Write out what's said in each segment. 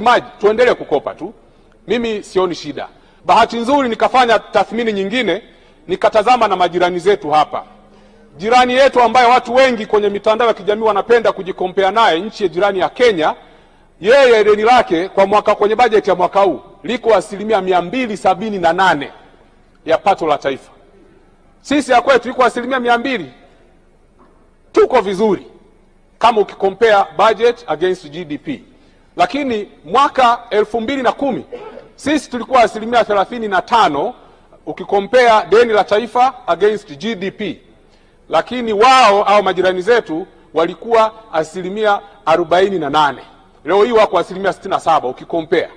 Maji tuendelee kukopa tu, mimi sioni shida. Bahati nzuri nikafanya tathmini nyingine, nikatazama na majirani zetu hapa, jirani yetu ambaye watu wengi kwenye mitandao ya kijamii wanapenda kujikompea naye, nchi ya jirani ya Kenya, yeye deni lake kwa mwaka kwenye bajeti ya mwaka huu liko asilimia mia mbili sabini na nane ya pato la taifa. Sisi ya kwetu iko asilimia mia mbili. Tuko vizuri kama ukikompea budget against GDP lakini mwaka elfu mbili na kumi sisi tulikuwa asilimia thelathini na tano ukikompea deni la taifa against GDP, lakini wao au majirani zetu walikuwa asilimia arobaini na nane. Leo hii wako asilimia sitini na saba ukikompea.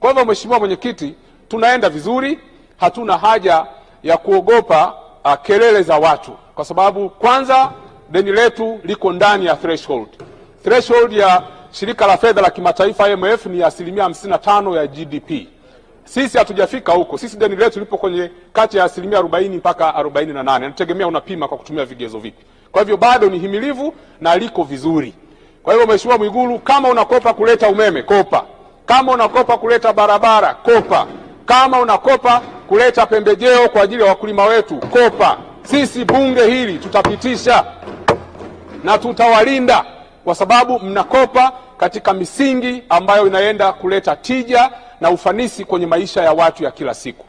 Kwa hivyo, Mheshimiwa Mwenyekiti, tunaenda vizuri, hatuna haja ya kuogopa uh, kelele za watu, kwa sababu kwanza deni letu liko ndani ya threshold. Threshold ya shirika la fedha la kimataifa IMF ni asilimia 55 ya GDP. Sisi hatujafika huko. Sisi deni letu lipo kwenye kati ya asilimia 40 mpaka 48, nategemea unapima kwa kutumia vigezo vipi. Kwa hivyo bado ni himilivu na liko vizuri. Kwa hivyo Mheshimiwa Mwigulu, kama unakopa kuleta umeme kopa, kama unakopa kuleta barabara kopa, kama unakopa kuleta pembejeo kwa ajili ya wakulima wetu kopa. Sisi bunge hili tutapitisha na tutawalinda kwa sababu mnakopa katika misingi ambayo inaenda kuleta tija na ufanisi kwenye maisha ya watu ya kila siku.